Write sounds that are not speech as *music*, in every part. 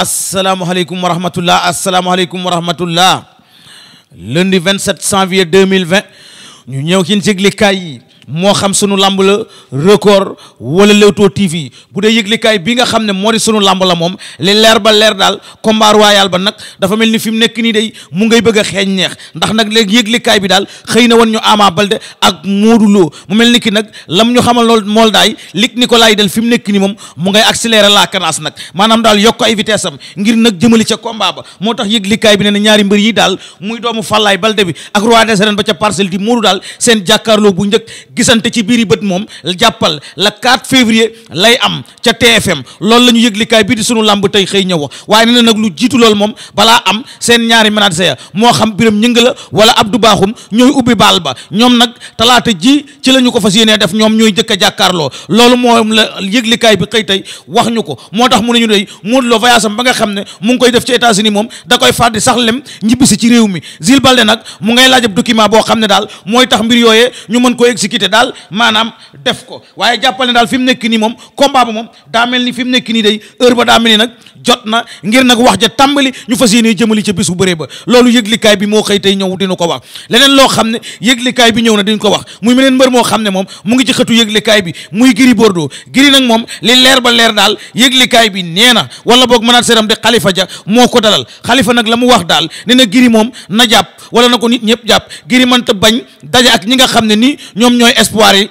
asalaamaaleykum wa rahmatullah asalaamaaleykum wa rahmatullah lundi 27 mille 2020 ñu ñëw ci yëglikaay yi moo xam sunu làmb la record wala Leewtoo TV bu dee yëglikaay bi nga xam ne moo di sunu làmb la moom li leer ba leer daal combat royal ba nag dafa mel ni fi mu nekk nii day mu ngay bëgg a xeeñ neex ndax nag léegi yëglikaay bi daal xëy na woon ñu Ama Baldé ak Modou Lo mu mel ni ki nag lam ñu xamal lool mool daay lig Nicolas yi del fi mu nekk nii moom mu ngay accélérer laa cadence nag maanaam daal yokk ay vitesse ngir nag jëmali ca komba ba moo tax yëglikaay bi ne na ñaari mbër yi daal muy doomu Fallaye Baldé bi ak roi des ba ca Parcelles di Modou daal seen jàkkaarloo bu njëkk gisante ci biiri bët moom jàppal la 4 février lay am ca TFM loolu la ñu yëglikaay bi di sunu làmb tey xëy ñëw waaye nee na nag lu jiitu lool moom balaa am seen ñaari manaat ya moo xam biram ñëng la wala Abdou Bakhoum ñooy ubbi baal ba ñoom nag talaata ji ci la ko ko fas yéenee def ñoom ñooy jëkk a jàkkaarloo loolu moom la yëglikaay bi xëy tey wax ñu ko moo tax mu ne ñu dey Modou Lo voyage am ba nga xam ne mu ngi koy def ci États-Unis moom da koy fàddi sax lem ñibbisi ci réew mi Zil Balde mu ngay laaj ab document boo xam ne daal mooy daal maanaam def ko waaye jàppal ne daal fi mu nekk nii moom combat ba moom daa mel ni fi mu nekk nii day heure ba daa mel ni nag jot na ngir nag wax ja tàmbali ñu fas yéene jëmali ca bisu bëree ba loolu yëglikaay bi moo xëy tey ñëw dina ko wax leneen loo xam ne yëglikaay bi ñëw na dañ ko wax muy meneen mbër moo xam ne moom mu ngi ci xëtu yëglikaay bi muy Gris Bordeaux Gris nag moom li leer ba leer daal yëglikaay bi nee na wala boog mënaat seeram di xalifa ja moo ko dalal xalifa nag la mu wax daal ne na Gris moom na jàpp wala na ko nit ñëpp jàpp Gris mënta bañ daje ak ñi nga xam ne nii ñoom ñooy espoir yi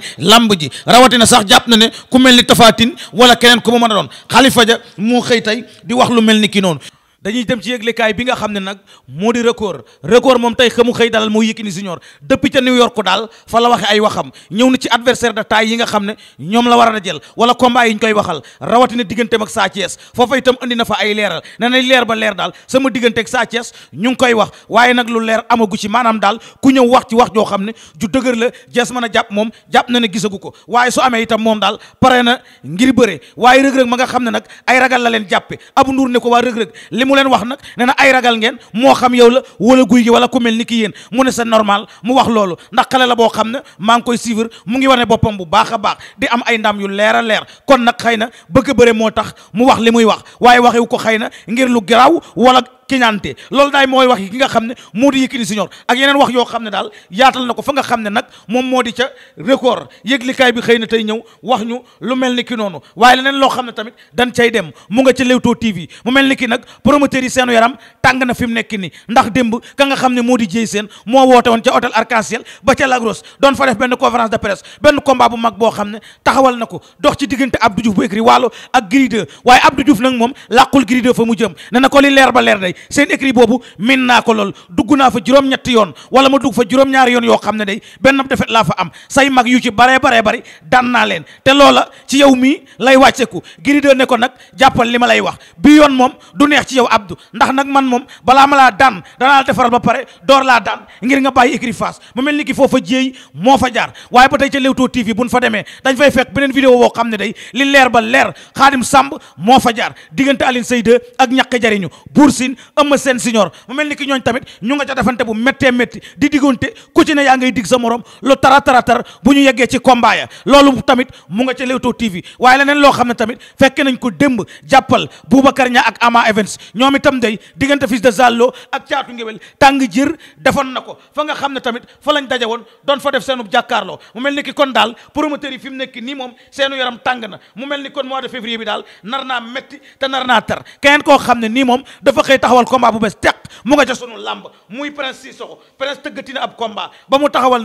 ji rawatina sax jàpp na ne ku mel ni tafaatin wala keneen ku ma mën a doon xalifa ja moo xëy tey di wax lu mel ni ki noonu dañuy dem ci kaay bi nga xam ne nag moo di record record moom tey xamu xëy dalal moo Yékini Junior depuis ca New York daal fa la waxe ay waxam ñëw na ci adversaire de taille yi nga xam ne ñoom la war a jël wala combat yi ñu koy waxal rawatina digganteem ak Sa Thiès itam andi fa ay leeral ne na leer ba leer daal sama diggante ak Sa ngi koy wax waaye nag lu leer amagu ci maanaam daal ku ñëw wax ci wax joo xam ne ju dëgër la jees ma na jàpp moom jàpp na ne gisagu ko waaye su amee itam moom daal pare na ngir bëre waaye rëg-rëg ma nga xam ne nag ay ragal la leen jàppe abu nduur ne ko waa rëg mu leen wax nag nee na ay ragal ngeen moo xam yow la wala guy gi wala ku mel ni ki yéen mu ne sa normal mu wax loolu ndax xale la boo xam ne maa ngi koy suivre mu ngi wane boppam bu baax a baax di am ay ndam yu leer a leer kon nag xëy na bëgg bëre moo tax mu wax li muy wax waaye waxewu ko xëy na ngir lu garaaw wala kiñante lool daay mooy wax yi ki nga xam ne moo di Yékini Junior ak yeneen wax yoo xam ne daal yaatal na ko fa nga xam ne nag moom moo di ca record yëglikaay bi xëy na tey ñëw wax ñu lu mel ni ki noonu waaye leneen loo xam ne tamit dañ cay dem mu nga ca Leewtoo TV mu mel ni ki nag promoteur yi seenu yaram tàng na fi mu nekk nii ndax démb ka nga xam ne moo di jéy seen moo woote woon ca hôtel Arc-en-Ciel ba ca Lagros doon fa def benn conférence de presse benn combat bu mag boo xam ne taxawal na ko dox ci diggante Abdou Diouf bu écrit Waalo ak Gris 2 waaye nag moom làqul Gris 2 fa mu jëm ne na ko li leer ba leer day seen écrit boobu min naa ko lool dugg naa fa juróom-ñetti yoon wala ma dugg fa juróom-ñaari yoon yoo xam ne day benn defet laa fa am say mag yu ci baree baree bari daan naa leen te loola ci yow mii lay wàcceeku giri de ne ko nag jàppal li ma lay wax bi yoon moom du neex ci yow Abdou ndax nag man moom balaa ma laa daan danaa la defaral ba pare door laa daan ngir nga bàyyi écrit face mu mel ni ki foofa jéey moo fa jaar waaye ba tey ca Leewtoo TV buñ fa demee dañ fay fekk beneen vidéo boo xam ne day li leer ba leer Xaadim Samb moo fa jaar diggante Aline Seyde ak ñàkk jariñu Buur Sine Eumeu Sène senior mu mel ni ki ñooñ tamit ñu nga ca defante bu méttee métti di diggante ku ci ne yaa ngay dig sa morom lu tara tara tar bu ñu yeggee ci combat loolu tamit mu nga ca Leewtoo TV waaye leneen loo xam ne tamit fekke nañ ko démb jàppal Boubacar Niang ak Ama Evans ñoom itam day diggante fils de Zallo ak caatu ngewel tàng jër defoon na ko fa nga xam ne tamit fa lañ daje woon doon fa def seenub jàkkaarloo mu mel ni ki kon daal promoteur yi fi mu nekk nii moom seenu yaram tàng na mu mel ni kon mois de février bi daal nar naa métti te nar naa tar koo xam ne nii moom taxawal combat bu bees teq mu nga ca sunu làmb muy prince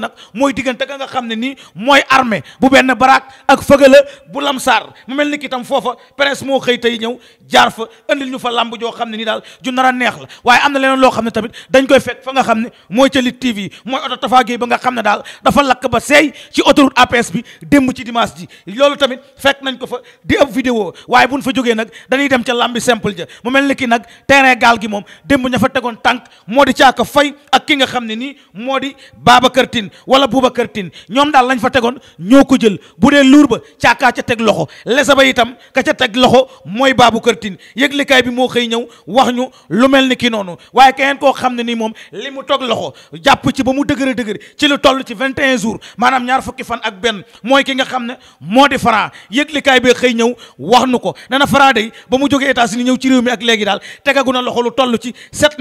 na mooy diggante nga xam ne nii mooy armée bu benn baraak ak fëgala bu lamsaar mu mel ni ki tam foofa prince moo xëy tey ñëw jaar fa andil ñu fa làmb joo xam ne nii daal ju nar a neex la waaye am na leneen loo xam ne tamit dañ koy fekk fa nga xam ne mooy ca Lutte TV mooy oto tafaagéey ba nga xam ne daal dafa lakk ba seey ci autoroute APS bi démb ci dimanche ji loolu tamit fekk nañ ko fa di ab vidéo waaye buñ fa jógee nag dañuy dem ca làmbi simple ja mu mel ni ki nag terrain gaal gi moom démb ña fa tegoon tànk moo di caaka fay ak ki nga xam ne nii moo di baaba Tine wala Boubacar Tine ñoom daal lañ fa tegoon ñoo ko jël bu dee luur ba caakaa ca teg loxo lesa ba itam ka ca teg loxo mooy Babacar Tine yëglikaay bi moo xëy ñëw wax ñu lu mel ni kii noonu waaye keneen koo xam ne nii moom li mu toog loxo jàpp ci ba mu dëgër dëgër ci lu toll ci 21 jours maanaam ñaar fukki fan ak benn mooy ki nga xam ne moo di faraa yëglikaay bi xëy ñëw wax nu ko nee na Franc day ba mu jógee États-Unis ñëw ci réew mi ak léegi daal bu toll ci 7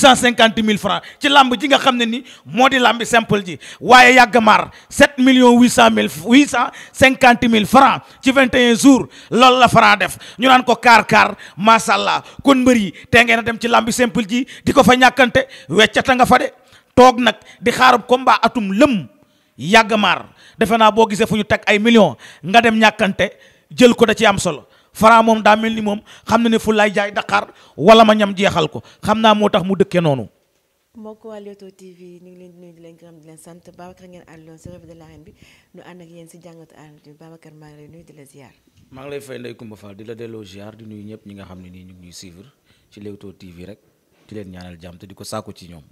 cent cinquante mille francs ci làmb ji nga xam ne ni moo di làmbi simple ji waaye yàgg maar 7 millions 800 mille 850 mille francs ci 21 jours loolu la franc def ñu naan ko kaar kaar macha allah kon mbër yi tey ngeen dem ci làmbi simple ji di ko fa ñàkkante weccata nga fa de toog nag di xaarub combat atum lëm yàgg defe naa boo gisee fu ñu teg ay millions nga dem ñàkkante jël ko da ci am solo. Franc moom daa mel ni moom xam na ne fu lay jaay Dakar wala ma ñam jeexal ko xam naa moo tax mu dëkkee noonu. mbokk waa Leewtoo TV ñu ngi leen di nuyu leen gërëm di leen sant Babacar ngeen àndoon si bi ñu ànd si jàngatu arène bi Babacar maa ngi lay nuyu di la ziar. maa ngi lay fay Ndeye Coumba di la delloo ziar di nuyu ñëpp ñi nga xam ne nii ñu ngi ñuy suivre ci Leewtoo TV rek di leen ñaanal jàmm te di ko sàkku ci ñoom.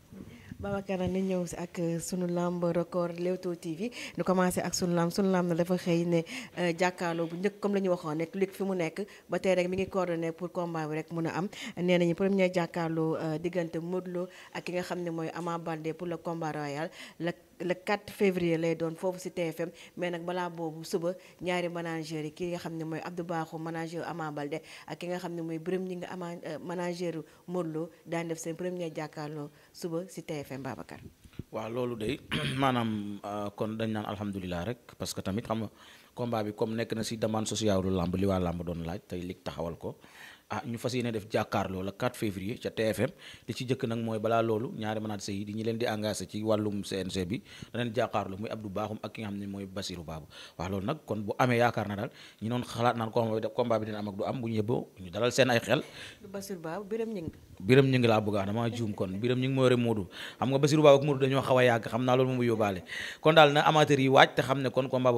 Babacar ni ñëw si ak sunu lamb record Leewtoo TV ñu commencé ak sunu lamb sunu làmb na dafa xëy ne euh, jàkkaarloo bu njëkk comme la ñu waxoon rek léegi fi mu nekk ba tey rek mi ngi coordonné pour combat bi rek mun a am nee nañu premier jàkkaarloo euh, diggante Modou ak ki nga xam ne mooy Ama Baldé pour le combat royal la le 4 février lay doon foofu si TFM mais nag balaa boobu suba ñaari manager yi ki nga xam ne mooy Abdou baaxu manager Ama Baldé ak ki nga xam ne mooy Birame ñi nga ama euh, manager Modou Lo daan def seen premier jàkkaarloo suba si TFM Babacar. waaw loolu de *clears throat* maanaam euh, kon dañ naan alhamdulilah rek parce que tamit xam nga combat bi comme nekk na si demande sociale lu làmb li waa làmb doon laaj tey lig taxawal ko. ah ñu fas yéene def jàkkaarloo la 4 février ca TFM li ci jëkk nag mooy balaa loolu ñaari manaatse yi ñi leen di engagé ci wàllum CNG bi daneen jàkkaarloo muy Abdou Bakhoum ak ki nga xam ne mooy Basirou Babou waaw loolu nag kon bu amee yaakaar na daal ñi noon xalaat naan combat bi dina am a kon Biram Ñing moo yore xam nga Basirou Babou ak Modou dañoo xaw a yàgg xam naa loolu moomu yóbbaale kon daal na amateurs yi waaj te xam ne kon combat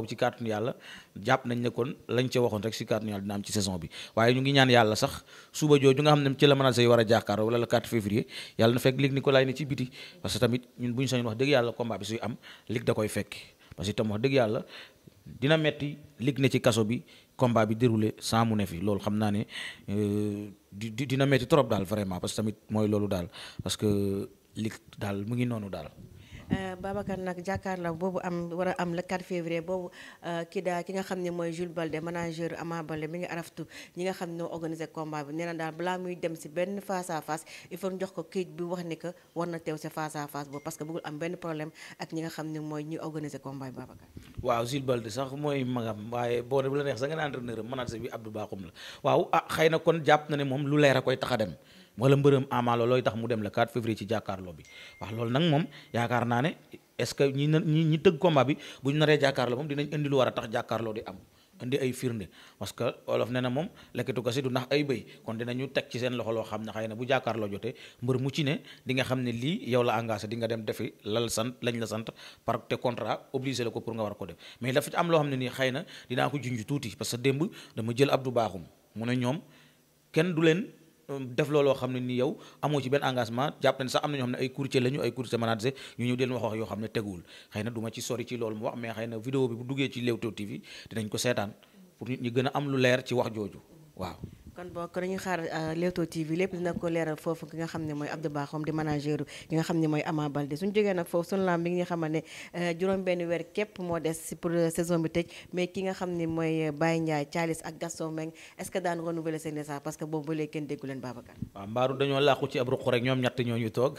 ci ndax suba jooju nga xam ne ci la manager yi war a jàkkaarloo wala la 4 février yàlla na fekk Luc Nicolaï ni ci biti parce que tamit ñun bu ñu sañoon wax dëgg yàlla combat bi suy am Luc da koy fekk parce que itam wax dëgg yàlla dina metti Luc ne ci kaso bi combat bi déroulé sans mu ne fi loolu xam naa ne euh, di dina metti trop daal vraiment parce que tamit mooy loolu daal parce que Luc daal mu ngi noonu daal Euh, Babacar nag jàkkaar jàkkaarloo boobu am war a am le 4 février boobu euh, Kida ki nga xam ne mooy Jules Balde manager Ama Balde mi ngi araftu ñi nga xam ne ñoo organisé combat bi daal balaa muy dem si benn face à face jox ko kayit bi wax ni que war na teew si face à boobu parce que bëggul am benn problème ak ñi nga xam ne mooy ñi organisé combat bi Babacar. waaw Jules Balde sax mooy magam waaye boo dem la neex sax nga naan entraîneur manager bi Abdou Bakhoum la waaw ah xëy na kon jàpp na ne moom lu leer a tax a dem wala mbërëm Ama loolooy tax mu dem le 4 février ci jàkkaarloo bi wax loolu nag moom yaakaar naa ne est-ce que ñi ñi ñi tëgg komba bi bu ñu naree jàkkaarloo moom dinañ indi lu war a tax jàkkaarloo di am indi ay firnde parce que olof ne na moom lekkitu gasi du ndax ay bëy kon dinañu teg ci seen loxo loo xam ne xëy na bu jàkkaarloo jotee mbër mu ci ne di nga xam ne lii yow la engagé di nga dem defi lal sant lañ la sant par te contrat obligé la ko pour nga war ko def mais dafa am loo xam ne nii xëy na dinaa ko junj tuuti parce que démb dama jël Abdou Bakhoum mu ne ñoom Um, def looloo xam ne ni yow amoo ci benn engagement jàpp na sax am na ñoo xam ne ay courtier lañu ay courtier manager ñu ñëw di wax wax yoo xam ne teguwul xëy na du ma ci sori ci loolu mu wax mais xëy na vidéo bi bu duggee ci Leewtoo TV dinañ ko seetaan pour nit ñi gën a am lu leer ci wax jooju waaw kon euh, ki nga xam ne mooy Abdou Bakhoum di manageru ki nga xam boobu ba kenn déggu leen Babacar mbaaru dañoo làqu ci ab ruq rek ñoom ñett ñoo toog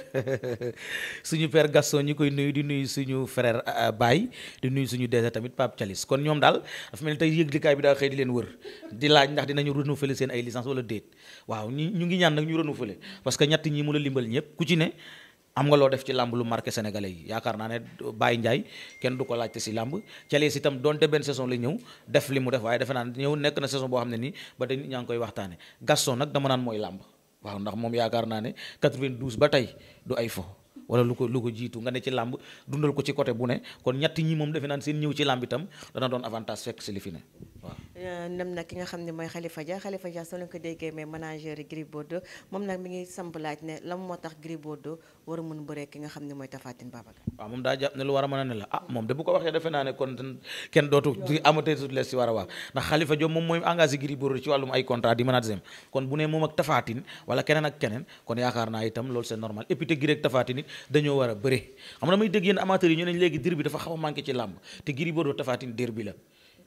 *laughs* suñu père Gaston ñu koy nuy di nuyu suñu frère euh, euh, Baye di nuyu suñu DG tamit Pape Thialis kon ñoom daal dafa mel ni tey yëglikaay bi daa xëy di leen wër di laaj ndax dinañu renouveler seen licence wala déet waaw ñu ñu ngi ñaan nag ñu renouveler parce que ñett ñi mu la limbal ñëpp ku ci ne am nga loo def ci làmb lu marqué sénégalais yi yaakaar naa ne Baye Ndiaye kenn du ko laajte si làmb Thielès si itam donte benn saison la ñëw def li mu def waaye defe naa ñëw nekk na saison boo xam ne nii ba tey ñaa ngi koy waxtaane Gaston nag dama naan mooy làmb waaw ndax moom yaakaar naa ne 92 ba tey du ay fo wala lu ko lu ko jiitu nga ne ci làmb dundal ko ci côté bu ne kon ñett ñi moom defe naan seen ñëw ci làmb itam dana doon avantage fekk si li fi euh, ki nga xam ne mooy Khalifa Dia Khalifa Dia soo leen ko déggee mais mi ngi samp laaj ne lan moo tax Gris Bordeaux war ki nga xam ne mooy Tapha Tine Babacar waaw moom daa jàpp ne ah, de bu ne kon kenn dootu amatetu lees si war a wax ndax Khalifa Dia moom mooy engagé Gris Bordeaux ci wàllum ay contrat di management kon bu ne moom ak Tapha Tine wala keneen ak keneen kon yaakaar naa itam lool c'est normal et puis te Gris ak Tapha it dañoo war a bëre xam na may dégg yéen amateurs yi ñu neñ léegi derby bi dafa xaw a manqué ci làmb te Gris Bordeaux Tapha Tine la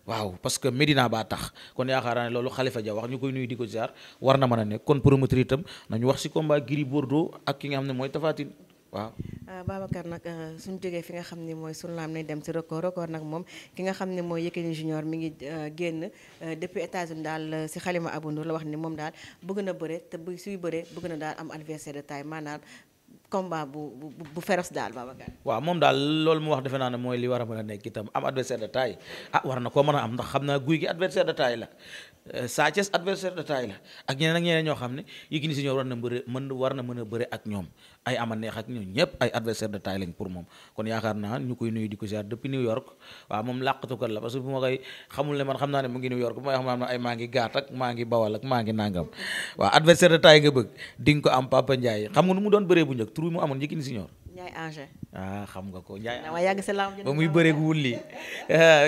waaw parce que Medina baa tax kon yaakaar naa ne loolu Khalifa Dia wax ñu koy nuyu di ko ziar war na mën a nekk kon promoteur itam nañu wax si combat Gris Bordeaux ak ki nga xam ne mooy Tapha Tine waaw ah, Babacar nag euh, suñu jógee fi nga xam ne mooy suñu laam nañ dem si record record nag moom ki nga xam ne mooy Yékini Junior mi ngi euh, génn euh, depuis États-Unis daal si xalima Abou la wax ni moom daal bëgg na bëre te bu bëgg na daal am adversaire de taille combat bu bu bu féroce daal Babacar. waaw moom daal loolu mu wax defe naa ne mooy li war a mën a nekk itam am adversaire de taille ah war na koo mën a am ndax xam naa guy gi adversaire de taille la Euh, Sa Thiès adversaire de taille la ak ñeneen ak ñeneen ñoo xam ne Yékini si ñoo war na bëre mën war na mën a bëre ak ñoom ay ama neex ak ñoom ñëpp ay adversaire de taille lañ pour moom kon yaakaar naa ñu koy nuyu di ko ziar depuis New York waaw moom làqatukat la parce que bu ma koy xamul ne man xam naa ne mu ngi New York bu may xam naa ay maa ngi gaat ak maa ngi bawal ak maa ngi nangam waaw adversaire de taille nga bëgg di ko am Papa Ndiaye xam nga nu mu doon bëree bu njëkk tur bi Ndiaye ah, xam nga ko Ndiaye. dama yàgg si lamb ba muy bëreeg wulli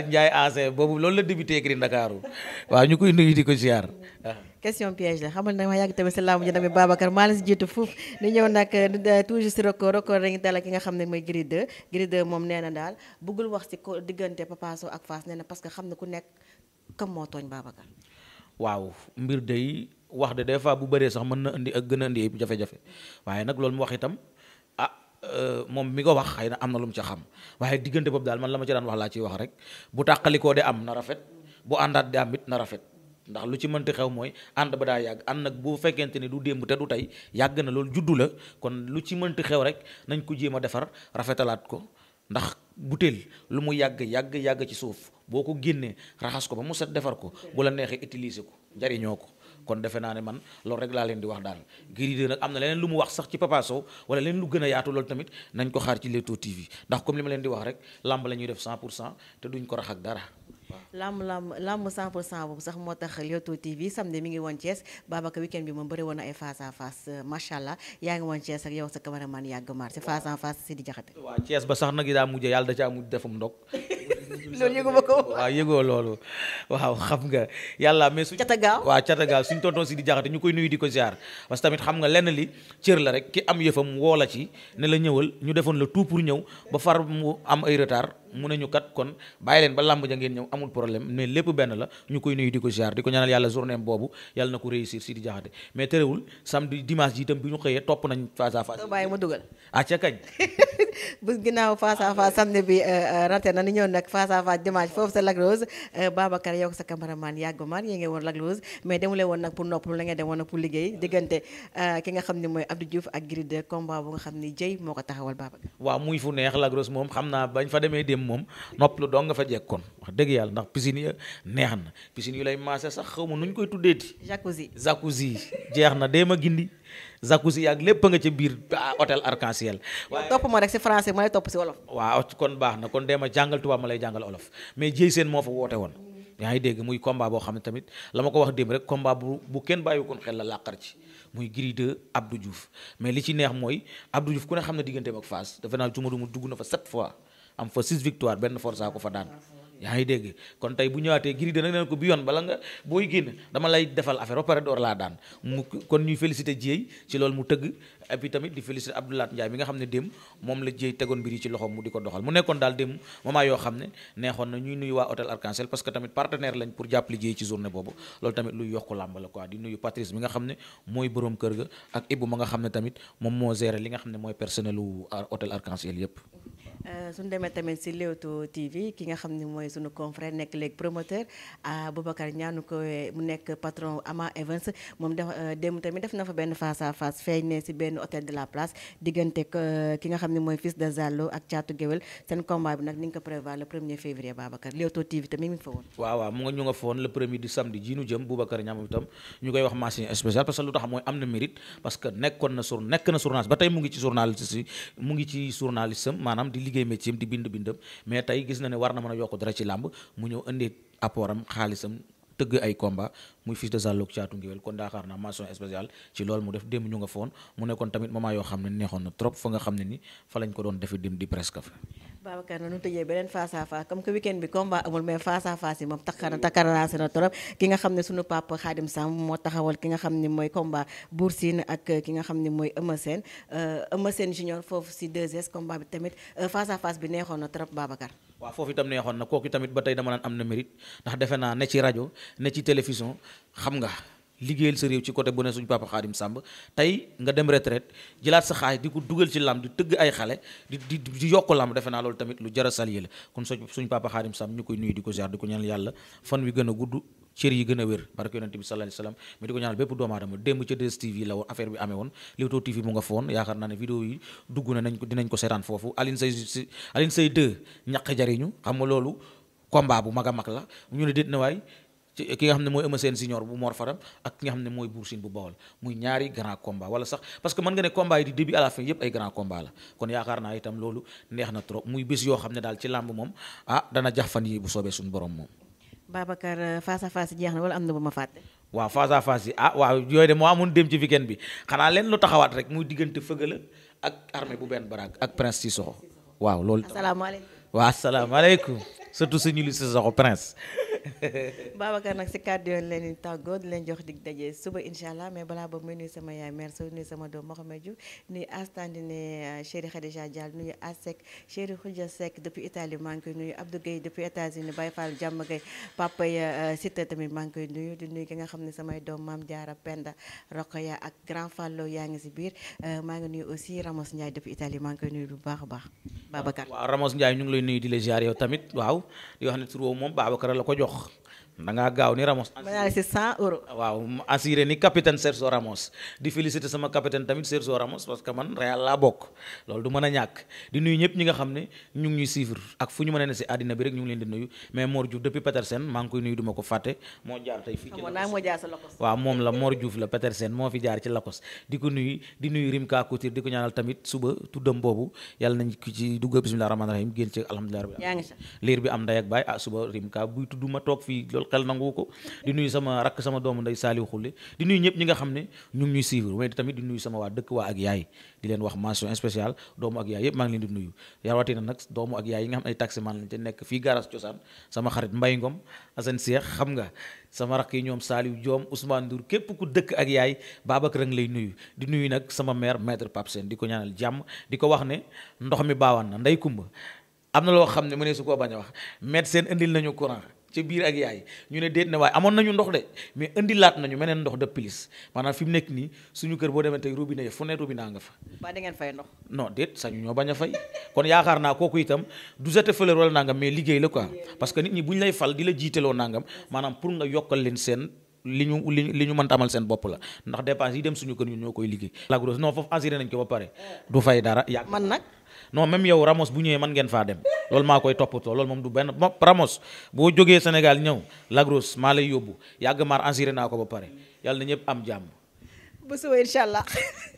Ndiaye Angé boobu loolu la débuté kii Ndakaaru waaw ñu koy nuyu di ko ziar. question piège la xamal dama yàgg tamit si lamb ji tamit Babacar maa la si jiitu foofu di ñëw nag eh, toujours si record record dañuy nga xam ne mooy Gris moom nee na daal bëggul wax si ko diggante Papa Sow ak Fass na parce que xam ne ku nekk kam moo tooñ Babacar. waaw mbir day wax de des fois bu bëree sax mën na indi ak gën a indi jafe-jafe nag loolu mu wax Euh, moom mi ko wax xëy na am na lu mu ca xam waaye diggante boobu daal man la ma ci daan wax laa ciy wax rek bu tàqalikoo de am na rafet bu àndaat de am it na rafet ndax lu ci mënti xew mooy ànd ba daa yàgg ànd nag bu fekkente ni du démb te du tey yàgg na loolu juddu la kon lu ci mënti xew rek nañ ko jéem a defar rafetalaat ko ndax butéel lu mu yàgg yàgg yàgg ci suuf boo ko génnee raxas ko ba mu set defar ko bu la neexee utiliser ko njariñoo ko kon defe naa ne man loolu rek laa leen di wax daal Gris 2 nag am na leneen lu mu wax sax ci Papa Sow wala leneen lu gën a yaatu loolu tamit nañ ko xaar ci Leewtoo TV ndax comme li ma leen di wax rek làmb la ñuy def 100 pour cent te duñ ko rax ak dara làmb làmb làmb pour cent boobu sax moo tax Leewtoo TV samedi mi ngi woon Thiès Babacar weekend bi moom bëri woon ay face à face euh, allah yaa ngi woon Thiès ak yow sa cameraman yàgg maar si face à face si di jaxate waaw Thiès ba sax nag daa mujj yàlla da ca loolu yëgu ma ko waaw yëgoo loolu waaw xam nga yàlla mais su catagaaw waa catagaaw suñ tonton si di jaxate ñu koy nuyu di ko ziar parce tamit xam nga lenn li cër la rek ki am yëfam woo la ci ne la ñëwal ñu defoon la tout pour ñëw ba far mu am ay retard mu ne ñu kat kon bàyyi leen ba làmb ja ngeen ñëw amul problème mais lépp benn la ñu koy nuyu di ko ziar di ko ñaanal yàlla journée boobu yàlla na ko réussir si di jaxate mais terewul samedi dimanche ji itam ma dugal ah ca kañ. *laughs* bu ginnaaw face à face samedi bi euh, euh, raté na ni ñëw nag face à face dimanche foofu sa Lac Rose euh, Babacar yow sa cameraman yàgg maar yéen ngeen woon Lac Rose mais demule woon nag pour noppalu la ngeen dem woon nag pour liggéey diggante ki nga xam ne mooy Abdou Diouf jëm moom nopp lu doo nga fa jekkoon wax dëgg yàlla ndax piscine ya neex na piscine yu lay maase sax xaw ma nu ñu koy tuddeeti jacuzzi jacuzzi jeex na dee ma gindi jacuzzi yaag lépp nga ca biir hôtel arc en topp ma rek si français ma lay topp si wolof waaw kon baax na kon dee ma jàngal tubaab ma lay jàngal olof mais jéy seen moo fa woote woon yaa dégg muy combat boo xam ne tamit la ma ko wax démb rek combat bu bu kenn bàyyiwukoon xel la làqar ci am fa six victoire benn forsa ko fa daan yaa dégg kon tey bu ñëwaatee Gris de nag neen ko bi yoon bala nga booy génn dama lay defal affaire ba pare door laa daan mu kon ñuy félicité Dieye ci loolu mu tëgg et puis tamit di félicité Abdoulaye Ndiaye mi nga xam ne démb moom la Dieye tegoon mbir yi ci loxoom mu di ko doxal mu nekkoon daal démb moment yoo xam ne neexoon na ñuy nuyu waa hôtel Arc-en-Ciel parce que tamit partenaire lañ pour jàppale Dieye ci journée boobu loolu tamit luy yokk làmb la quoi ne mooy borom kër nga xam ne tamit moom moo géré li nga xam ne mooy personnel u hôtel Euh, suñu demee tamit si Leewtoo TV ki nga xam ne mooy suñu confrère nekk léegi promoteur Boubacar ñaanu ko mu nekk patron Ama Events moom dafa euh, tamit def na fa benn face à face feeñ benn hôtel de la place diggante euh, ki nga xam ne mooy fils de Zallo ak Thiatou Guewel seen combat bi nag ni nga ko prévoir le premier février Babacar Leewtoo TV tamit mi ngi fa woon. waaw mu nga ñu nga fa woon premier du samedi ji nu jëm Boubacar ñaam itam ñu koy wax machine spéciale liggéey métier di bind bindam mais tey gis na ne war na mën a yokk dara ci làmb mu ñëw indi apport am xaalisam tëgg ay combat muy fils de Zallo caatu ngéwél kon daakaar naa mention spéciale ci loolu mu def démb ñu nga foon mu nekkoon tamit moment yoo xam ne neexoon na trop fa nga xam ne ni fa lañ ko doon defe dem di presque fa Babacar na nu tëjee beneen face à face comme que weekend bi combat amul mais face yi moom takkara takkaraase na trop ki nga xam ne sunu papa Khadim Samb moo taxawal ki nga xam ne mooy combat Bour Sine ak ki nga xam ne mooy Eumeu Sène euh, Eumeu Sène junior foofu si 2S combat bi tamit euh, face à face bi neexoon na trop Babacar. waaw foofu itam neexoon na kooku tamit ba tey dama naan am na mérite ndax defe naa ne ci rajo ne ci télévision xam nga. liggéeyal sa réew ci côté bu ne suñu papa Xaadim Samb tey nga dem retraite jëlaat sa xaay di ko dugal ci lam di tëgg ay xale di di di yokk lam defe naa loolu tamit lu jara saliyé la kon so suñu papa Xaadim Samb ñu koy nuyu di ko ziar di ko ñaanal yàlla fan wi gën a gudd cër a wér barke yonent bi sallallahu alayhi wasallam mais di ko ñaanal bépp doomu aadama démb ca 2 la woon affaire bi amee woon TV mu nga foon yaakaar naa ne vidéo yi dugg nañ ko dinañ ko seetaan foofu Alioune Seye Alioune Seye 2 ñaq jariñu xam nga loolu combat bu mag a mag la ñu ne déet na waay ki nga xam ne mooy Eumeu Sène senior bu Mor Fadam ak ki nga xam ne mooy Bour Sine bu Bawol muy ñaari grand combat wala sax parce que mën nga ne combat yi di début à yépp ay grand combat la kon yaakaar naa itam loolu neex na trop muy bés yoo xam ne daal ah yi bu euh, am na bu ma fàtte waaw face yi ah waaw yooyu de moo amoon dem ci weekend bi xanaa leen lu taxawaat rek muy diggante fëgala ak armée bu benn baraag ak prince ci soxo waaw *laughs* Babacar nag si kàddu yoon leen di tàggoo di leen jox dig daje suba incha allah mais balaa boobu may nuyu sama yaay mère Sow nuyu sama doom Mouhamed Diouf nuyu Astandine euh, chéri Khadija Diall nuyu Asek chéri Khoudia Seck depuis Italie maa ngi koy nuyu Abdou Gueye depuis États-Unis Baye Fall euh, euh, maa ngi koy nuyu di nuyu ki nga xam ne samay doom maam Diarra Penda Rokhaya ak grand Fallo yaa ngi si biir maa ngi nuy aussi Ramos Ndiaye depuis Italie maa ngi koy nuyu bu baax a baax Babacar waaw Ramos Ndiaye ñu lay nuyu di jox da ngaa gaaw ni Ramos. waaw mu ni capitaine Sergio Ramos di féliciter sama capitaine tamit Sergio Ramos parce que man Real laa bokk loolu du mën a ñàkk di nuyu ñëpp ñi nga xam ne ñu ñuy suivre ak fu ñu mën a ne si àddina bi rek ñu leen di nuyu mais Mor Diouf depuis Petersen maa moo la Mor Diouf la Petersen moo fi jaar ci Lakos di ko nuyu di nuyu Rimka Couture di ko ñaanal tamit suba tuddam boobu yàlla nañ ko ci dugg bismillah rahmaani rahim génn ci alhamdulilah liir xel nangu ko di nuyu sama rakk sama doomu nday saaliw xulle di nuyu ñëpp ñi nga xam ne ñu ngi ñuy suivre mais tamit di nuyu sama waa dëkk waa ak yaay di leen wax mention spéciale doomu ak yaay yëpp maa leen di nuyu nag nekk fii garage cosaan sama xarit mbay ngom xam nga sama rakk yi ñoom saaliw joom ousmane ndour képp ku dëkk ak yaay baabakar ngi lay nuyu di nuyu nag sama mère maître pape di ko ñaanal jàmm di ko wax ne ndox mi baawaan na ndey kumba am na loo xam ne mu ne su koo bañ a wax médecin indil nañu courant ca biir ak yaay ñu ne déet ne waaye amoon nañu ndox de mais indi laat nañu meneen ndox de pilis maanaam fi mu nekk nii suñu kër boo demee tey robinet ya fu ne robinet nga fa. a fay naa kooku itam du jete fleur wala nangam liggéey la quoi parce que nit ñi bu ñu lay fal di la jiitaloo nangam maanaam pour nga yokkal leen seen. li ñu li ñu mën amal seen bopp la ndax dépense yi dem suñu kër ñun ñoo koy liggéey. la grosse non foofu assuré nañ ko ba pare. du fay dara yàgg. non même yow Ramos bu ñëwee mën ngeen faa dem loolu maa koy toppatoo loolu moom du benn Ramos boo jógee Sénégal ñëw Lagros maa lay yóbbu yàgg maar enseré naa ko ba pare yàlla na ñëpp am jàmm. bu suba incha allah. *laughs*